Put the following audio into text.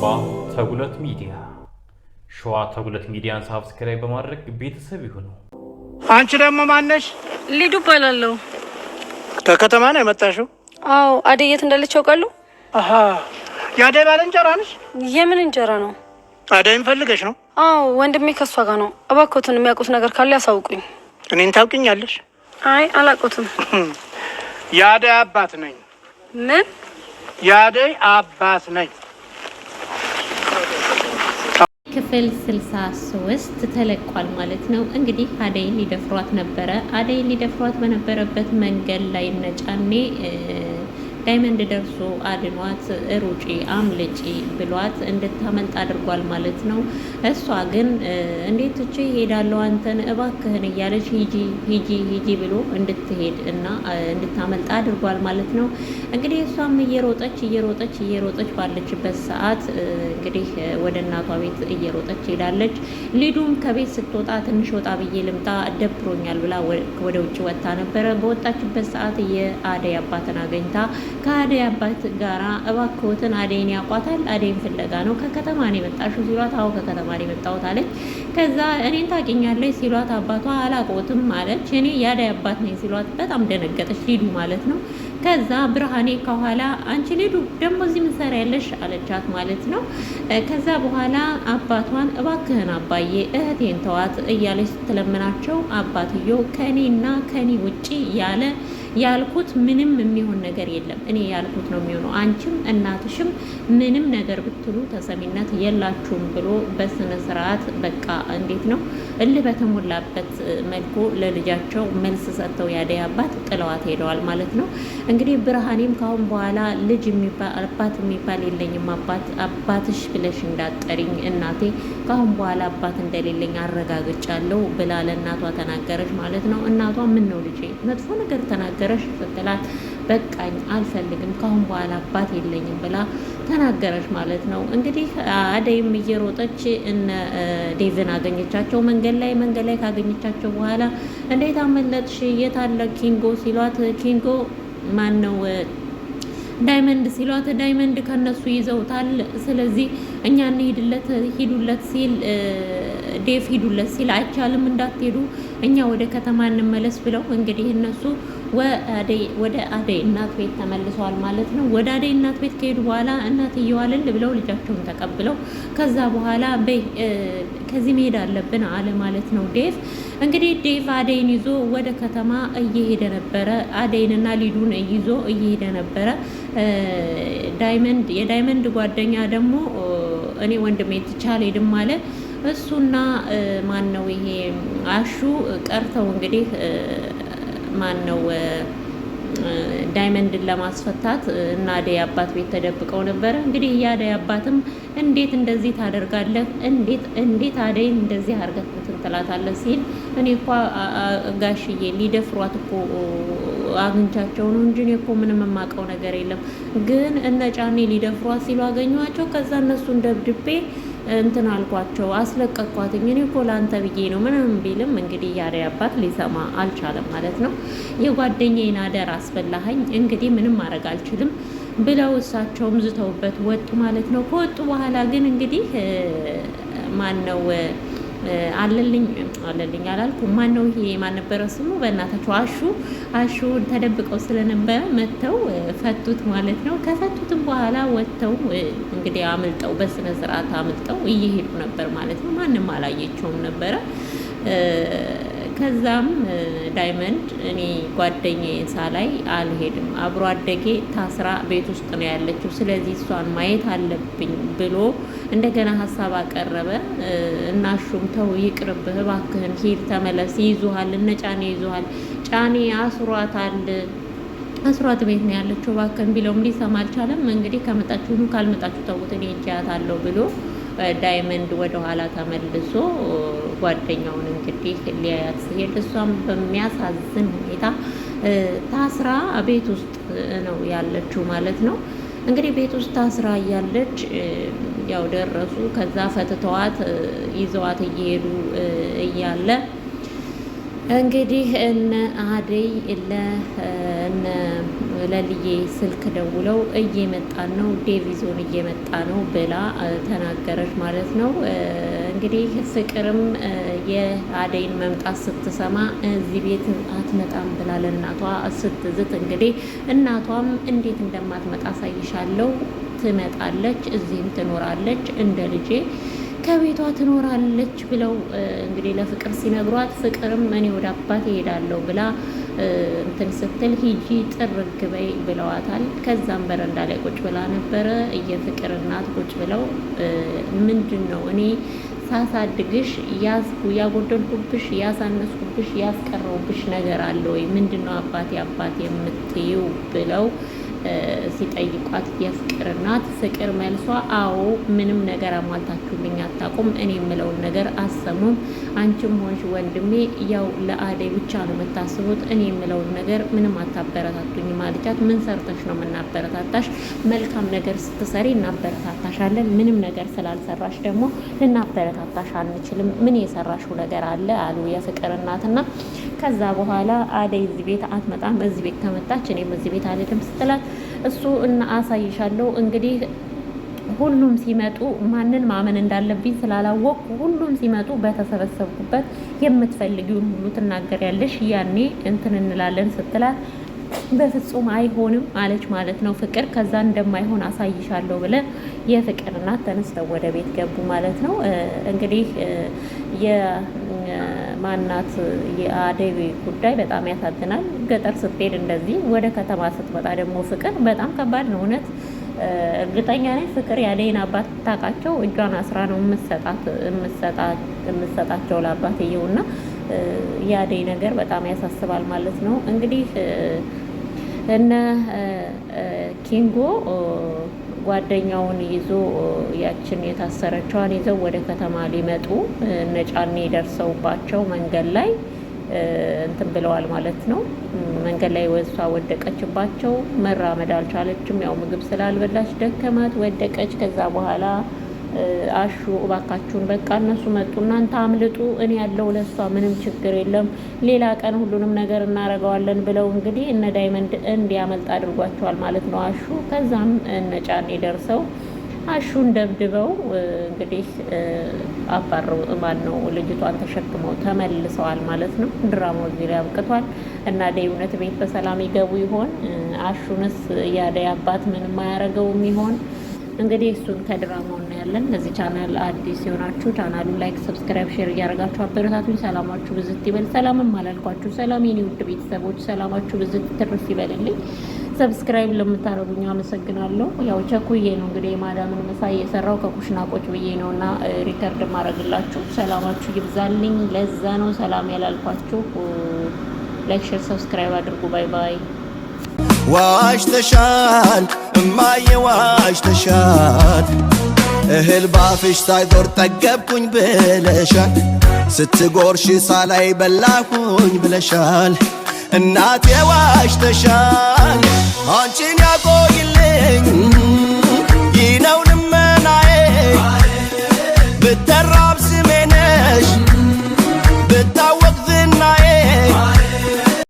አባ ተጉለት ሚዲያ ሸዋ ተጉለት ሚዲያን ሳብስክራይብ በማድረግ ቤተሰብ ይሁኑ። አንቺ ደግሞ ማነሽ? ሊዱ እባላለሁ። ከከተማ ነው የመጣሽው? አዎ። አደይ የት እንዳለች ያውቃሉ? አሀ የአደይ ባለ እንጀራ ነሽ? የምን እንጀራ ነው? አደይም ፈልገሽ ነው? አዎ፣ ወንድሜ ከሷ ጋር ነው። እባክዎትን የሚያውቁት ነገር ካለ ያሳውቁኝ። እኔን ታውቅኛለሽ? አይ አላውቁትም። የአደይ አባት ነኝ። ምን? የአደይ አባት ነኝ። ክፍል 63 ተለቋል ማለት ነው። እንግዲህ አደይን ሊደፍሯት ነበረ። አደይን ሊደፍሯት በነበረበት መንገድ ላይ ነጫኔ ዳይመንድ ደርሶ አድኗት ሩጪ አምልጪ ብሏት እንድታመልጥ አድርጓል ማለት ነው። እሷ ግን እንዴት እች ሄዳለው አንተን እባክህን እያለች ሂጂ ሂጂ ሂጂ ብሎ እንድትሄድ እና እንድታመልጥ አድርጓል ማለት ነው። እንግዲህ እሷም እየሮጠች እየሮጠች እየሮጠች ባለችበት ሰዓት እንግዲህ ወደ እናቷ ቤት እየሮጠች ሄዳለች። ሊዱም ከቤት ስትወጣ ትንሽ ወጣ ብዬ ልምጣ ደብሮኛል ብላ ወደ ውጭ ወጥታ ነበረ። በወጣችበት ሰዓት የአደይ አባትን አገኝታ ከአደይ አባት ጋራ እባክዎትን አደይን ያውቋታል፣ አደይን ፍለጋ ነው ከከተማ ነው የመጣሽው ሲሏት፣ አዎ ከከተማ ነው የመጣሁት አለች። ከዛ እኔን ታውቂኛለች ሲሏት፣ አባቷ አላውቅዎትም አለች። እኔ የአደይ አባት ነኝ ሲሏት፣ በጣም ደነገጠች ሊዱ ማለት ነው። ከዛ ብርሃኔ ከኋላ አንቺ ሊዱ ደግሞ እዚህ ምን ትሰሪያለሽ አለቻት ማለት ነው። ከዛ በኋላ አባቷን እባክህን አባዬ እህቴን ተዋት እያለች ስትለምናቸው አባትየው ከእኔና ከኔ ውጪ ያለ ያልኩት ምንም የሚሆን ነገር የለም። እኔ ያልኩት ነው የሚሆነው። አንቺም እናትሽም ምንም ነገር ብትሉ ተሰሚነት የላችሁም ብሎ በስነ ስርዓት በቃ እንዴት ነው እልህ በተሞላበት መልኩ ለልጃቸው መልስ ሰጥተው ያደይ አባት ጥለዋት ሄደዋል ማለት ነው። እንግዲህ ብርሃኔም ካሁን በኋላ ልጅ አባት የሚባል የለኝም አባት አባትሽ ብለሽ እንዳጠሪኝ እናቴ ካሁን በኋላ አባት እንደሌለኝ አረጋግጫለሁ ብላ ለእናቷ ተናገረች ማለት ነው። እናቷ ምን ነው ልጄ መጥፎ ነገር ተናገ ተናገረሽ ስትላት በቃኝ አልፈልግም ካሁን በኋላ አባት የለኝም ብላ ተናገረች ማለት ነው። እንግዲህ አደይም እየሮጠች እነ ዴቭን አገኘቻቸው መንገድ ላይ መንገድ ላይ ካገኘቻቸው በኋላ እንዴት አመለጥሽ? የት አለ ኪንጎ ሲሏት ኪንጎ ማን ነው ዳይመንድ ሲሏት ዳይመንድ ከነሱ ይዘውታል። ስለዚህ እኛ እንሂድለት ሂዱለት ሲል ዴቭ ሂዱለት ሲል አይቻልም፣ እንዳትሄዱ እኛ ወደ ከተማ እንመለስ ብለው እንግዲህ እነሱ ወደ አደይ እናት ቤት ተመልሰዋል ማለት ነው። ወደ አደይ እናት ቤት ከሄዱ በኋላ እናትየዋ እልል ብለው ልጃቸውን ተቀብለው ከዛ በኋላ ከዚህ መሄድ አለብን አለ ማለት ነው። ዴቭ እንግዲህ ዴቭ አደይን ይዞ ወደ ከተማ እየሄደ ነበረ። አደይንና ሊዱን ይዞ እየሄደ ነበረ። ዳይመንድ የዳይመንድ ጓደኛ ደግሞ እኔ ወንድሜ ትቻል ሄድም አለ እሱና ማን ነው ይሄ አሹ ቀርተው እንግዲህ ማን ነው ዳይመንድን ለማስፈታት እና አደይ አባት ቤት ተደብቀው ነበረ። እንግዲህ የአደይ አባትም እንዴት እንደዚህ ታደርጋለህ? እንዴት እንዴት አደይን እንደዚህ አድርገህ እንትን ትላታለህ? ሲል እኔ እኳ ጋሽዬ ሊደፍሯት እኮ አግኝቻቸው ነው እንጂ እኔ እኮ ምንም የማውቀው ነገር የለም። ግን እነ ጫኔ ሊደፍሯት ሲሉ አገኘኋቸው። ከዛ እነሱን ደብድቤ እንትን አልኳቸው አስለቀቅኳትኝ እኔ እኮ ለአንተ ብዬ ነው ምንም ቢልም እንግዲህ ያሬ አባት ሊሰማ አልቻለም ማለት ነው። የጓደኛዬን አደር አስፈላሀኝ እንግዲህ ምንም ማድረግ አልችልም ብለው እሳቸውም ዝተውበት ወጡ ማለት ነው። ከወጡ በኋላ ግን እንግዲህ ማን ነው አለልኝ አለልኝ ማን ነው ይሄ? ማን ነበረ ስሙ? በእናታቸው አሹ አሹ ተደብቀው ስለነበረ መጥተው ፈቱት ማለት ነው። ከፈቱትም በኋላ ወጥተው እንግዲህ አምልጠው በስነ ስርዓት አምልጠው እየሄዱ ነበር ማለት ነው። ማንም አላየቸውም ነበረ። ከዛም ዳይመንድ እኔ ጓደኛዬ ሳላይ አልሄድም፣ አብሮ አደጌ ታስራ ቤት ውስጥ ነው ያለችው፣ ስለዚህ እሷን ማየት አለብኝ ብሎ እንደገና ሀሳብ አቀረበ። እናሹም ተው ይቅርብህ፣ እባክህን ሂድ፣ ተመለስ፣ ይዙሃል፣ እነ ጫኔ ይዙሃል፣ ጫኔ አስሯታል አስሯት ቤት ነው ያለችው፣ እባክህን ቢለውም ሊሰማ አልቻለም። እንግዲህ ከመጣችሁ ካልመጣችሁ ተውትን አለው ብሎ ዳይመንድ ወደ ኋላ ተመልሶ ጓደኛውን እንግዲህ ሊያያት ሲሄድ እሷም በሚያሳዝን ሁኔታ ታስራ ቤት ውስጥ ነው ያለችው ማለት ነው። እንግዲህ ቤት ውስጥ ታስራ እያለች ያው ደረሱ። ከዛ ፈትተዋት ይዘዋት እየሄዱ እያለ እንግዲህ እነ አደይ ለእነ ለልዬ ስልክ ደውለው እየመጣን ነው ዴቪዞን እየመጣ ነው ብላ ተናገረች ማለት ነው። እንግዲህ ፍቅርም የአደይን መምጣት ስትሰማ እዚህ ቤት አትመጣም ብላ ለእናቷ ስትዝት፣ እንግዲህ እናቷም እንዴት እንደማትመጣ አሳይሻለሁ፣ ትመጣለች፣ እዚህም ትኖራለች እንደ ልጄ ከቤቷ ትኖራለች ብለው እንግዲህ ለፍቅር ሲነግሯት ፍቅርም እኔ ወደ አባት እሄዳለሁ ብላ እንትን ስትል ሂጂ ጥርግ በይ ብለዋታል። ከዛም በረንዳ ላይ ቁጭ ብላ ነበረ። የፍቅር እናት ቁጭ ብለው ምንድን ነው እኔ ሳሳድግሽ ያጎደልኩብሽ፣ ያሳነስኩብሽ፣ ያስቀረውብሽ ነገር አለ ወይ? ምንድን ነው አባቴ አባቴ የምትይው ብለው ሲጠይቋት የፍቅር እናት ፍቅር መልሷ አዎ ምንም ነገር አሟልታችሁልኝ አታውቁም፣ እኔ የምለውን ነገር አሰሙም። አንቺም ሆንሽ ወንድሜ ያው ለአደይ ብቻ ነው የምታስቡት፣ እኔ የምለውን ነገር ምንም አታበረታቱኝ ማለቻት። ምን ሰርተሽ ነው የምናበረታታሽ? መልካም ነገር ስትሰሪ እናበረታታሻለን። ምንም ነገር ስላልሰራሽ ደግሞ ልናበረታታሽ አንችልም። ምን የሰራሽው ነገር አለ አሉ የፍቅር እናትና ከዛ በኋላ አደይ እዚህ ቤት አትመጣም፣ እዚህ ቤት ከመጣች እኔም እዚህ ቤት አልሄድም ስትላት እሱ እና አሳይሻለሁ እንግዲህ ሁሉም ሲመጡ ማንን ማመን እንዳለብኝ ስላላወቅ ሁሉም ሲመጡ በተሰበሰብኩበት የምትፈልጊውን ሁሉ ትናገሪያለሽ፣ ያኔ እንትን እንላለን ስትላት በፍጹም አይሆንም አለች ማለት ነው ፍቅር። ከዛ እንደማይሆን አሳይሻለሁ ብለን የፍቅር እናት ተነስተው ወደ ቤት ገቡ ማለት ነው እንግዲህ ማናት የአደይ ጉዳይ በጣም ያሳዝናል። ገጠር ስትሄድ እንደዚህ፣ ወደ ከተማ ስትመጣ ደግሞ ፍቅር በጣም ከባድ ነው። እውነት እርግጠኛ ነኝ ፍቅር የአደይን አባት ታውቃቸው እጇን አስራ ነው የምትሰጣቸው ለአባትየው እና የአደይ ነገር በጣም ያሳስባል ማለት ነው እንግዲህ እነ ኪንጎ ጓደኛውን ይዞ ያችን የታሰረችዋን ይዘው ወደ ከተማ ሊመጡ ነጫኔ ደርሰውባቸው መንገድ ላይ እንትን ብለዋል ማለት ነው። መንገድ ላይ እሷ ወደቀችባቸው፣ መራመድ አልቻለችም። ያው ምግብ ስላልበላች ደከማት፣ ወደቀች። ከዛ በኋላ አሹ እባካችሁን በቃ እነሱ መጡ፣ እናንተ አምልጡ፣ እኔ ያለው ለሷ ምንም ችግር የለም፣ ሌላ ቀን ሁሉንም ነገር እናረገዋለን ብለው እንግዲህ እነ ዳይመንድ እንዲያመልጥ አድርጓቸዋል ማለት ነው አሹ። ከዛም እነ ጫኔ ደርሰው አሹን ደብድበው እንግዲህ አባረው ማን ነው ልጅቷን ተሸክመው ተመልሰዋል ማለት ነው። ድራማው እዚህ ላይ አብቅቷል እና አደይ እውነት ቤት በሰላም ይገቡ ይሆን? አሹንስ ያደይ አባት ምንም አያረገውም ይሆን? እንግዲህ እሱን ከድራማው እናያለን። ለዚህ ቻናል አዲስ የሆናችሁ ቻናሉ ላይክ፣ ሰብስክራይብ፣ ሼር እያደረጋችሁ አበረታቱኝ። ሰላማችሁ ብዝት ይበል። ሰላምም አላልኳችሁ። ሰላም የኔ ውድ ቤተሰቦች፣ ሰላማችሁ ብዝት ትርፍ ይበልልኝ። ሰብስክራይብ ለምታደርጉኝ አመሰግናለሁ። ያው ቸኩዬ ነው እንግዲህ የማዳምን ምሳ እየሰራው ከኩሽና ብዬ ነው እና ሪከርድ ማድረግላችሁ። ሰላማችሁ ይብዛልኝ። ለዛ ነው ሰላም ያላልኳችሁ። ላይክ፣ ሼር፣ ሰብስክራይብ አድርጉ። ባይ ባይ። ዋሽተሻል እማየዋሽ ተሻል እህል ባፍሽ ሳይዞር ጠገብኩኝ ብለሻል። ስትጎርሽ ሳላይ በላኩኝ ብለሻል። እናቴ ዋሽ ተሻል አንቺን ያቆይልኝ ይነው ልመናዬ ብተራብ